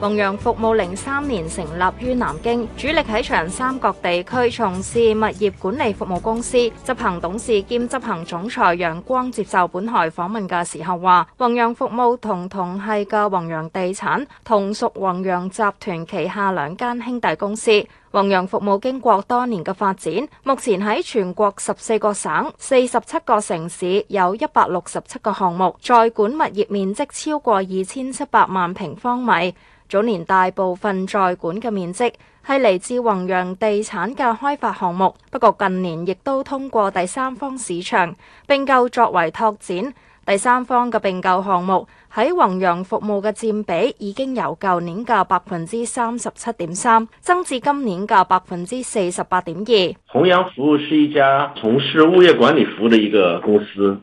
弘陽服務零三年成立於南京，主力喺長三角地區從事物業管理服務公司。執行董事兼執行總裁楊光接受本台訪問嘅時候話，弘陽服務同同系嘅弘陽地產同屬弘陽集團旗下兩間兄弟公司。弘陽服務經過多年嘅發展，目前喺全國十四個省、四十七個城市有一百六十七個項目，在管物業面積超過二千七百萬平方米。早年大部分在管嘅面積，係嚟自弘陽地產嘅開發項目，不過近年亦都通過第三方市場併購作為拓展，第三方嘅併購項目，喺弘陽服務嘅佔比已經由舊年嘅百分之三十七點三增至今年嘅百分之四十八點二。弘陽服務是一家從事物業管理服務嘅一個公司。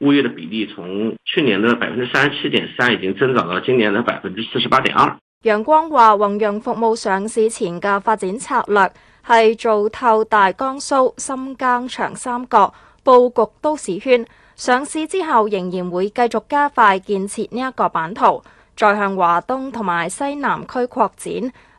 物業的比例從去年的百分之三十七點三已經增長到今年的百分之四十八點二。楊光話：弘陽服務上市前嘅發展策略係做透大江蘇、深耕長三角布局都市圈。上市之後仍然會繼續加快建設呢一個版圖，再向華東同埋西南區擴展。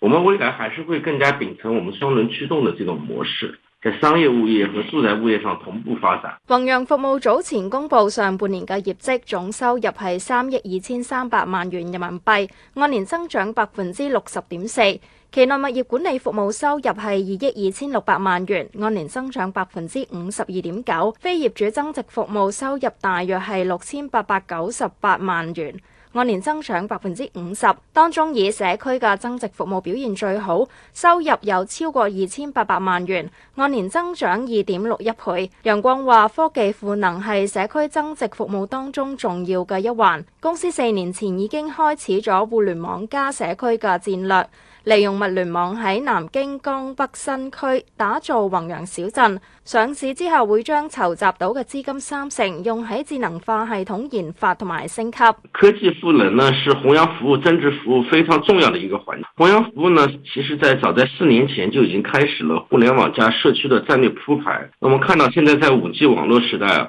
我們未來還是會更加秉承我們雙輪驅動的這種模式，在商業物業和住宅物業上同步發展。弘陽服務早前公布上半年嘅業績，總收入係三億二千三百萬元人民幣，按年增長百分之六十點四。期內物業管理服務收入係二億二千六百萬元，按年增長百分之五十二點九。非業主增值服務收入大約係六千八百九十八萬元。按年增長百分之五十，當中以社區嘅增值服務表現最好，收入有超過二千八百萬元，按年增長二點六一倍。楊光話：科技賦能係社區增值服務當中重要嘅一環。公司四年前已經開始咗互聯網加社區嘅戰略。利用物聯網喺南京江北新區打造弘陽小鎮，上市之後會將籌集到嘅資金三成用喺智能化系統研發同埋升級。科技賦能呢，是弘陽服務增值服務非常重要的一個環節。弘陽服務呢，其實在早在四年前就已經開始了互聯網加社區的戰略鋪排。我們看到現在在五 G 網絡時代啊。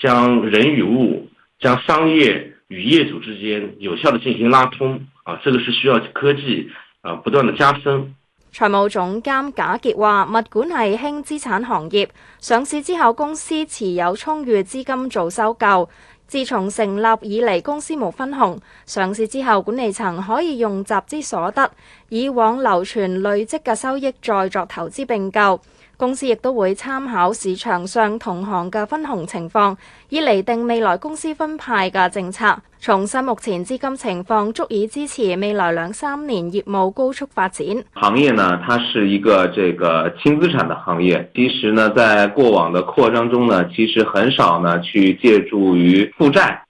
將人與物、將商業與業主之間有效地進行拉通，啊，這個是需要科技，啊，不斷地加深。財務總監賈傑話：物管係輕資產行業，上市之後公司持有充裕資金做收購。自從成立以嚟，公司冇分紅。上市之後，管理層可以用集資所得，以往流傳累積嘅收益再作投資並購。公司亦都會參考市場上同行嘅分紅情況，以釐定未來公司分派嘅政策。重申目前資金情況足以支持未來兩三年業務高速發展。行業呢，它是一個這個輕資產的行業，其實呢，在過往的擴張中呢，其實很少呢去借助於負債。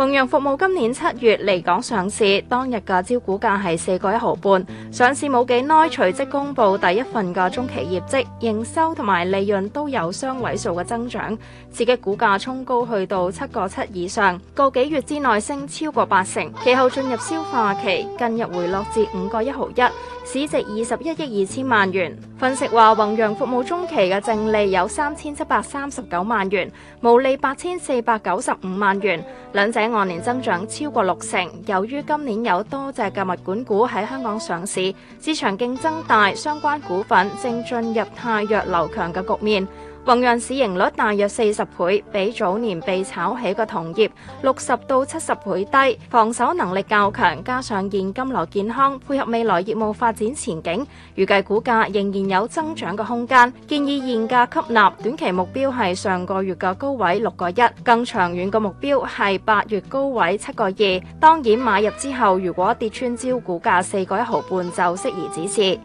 弘陽服務今年七月嚟港上市，當日嘅招股價係四個一毫半。上市冇幾耐，隨即公布第一份嘅中期業績，營收同埋利潤都有雙位數嘅增長，刺激股價衝高去到七個七以上。個幾月之內升超過八成，其後進入消化期，近日回落至五個一毫一，市值二十一億二千萬元。分析話，弘陽服務中期嘅淨利有三千七百三十九萬元，毛利八千四百九十五萬元，兩者。按年增長超過六成，由於今年有多隻物管股喺香港上市，市場競爭大，相關股份正進入汰弱留強嘅局面。弘陽市盈率大約四十倍，比早年被炒起個同業六十到七十倍低，防守能力較強，加上現金流健康，配合未來業務發展前景，預計股價仍然有增長嘅空間。建議現價吸納，短期目標係上個月嘅高位六個一，更長遠嘅目標係八月高位七個二。當然買入之後如果跌穿招股價四個一毫半就適宜止蝕。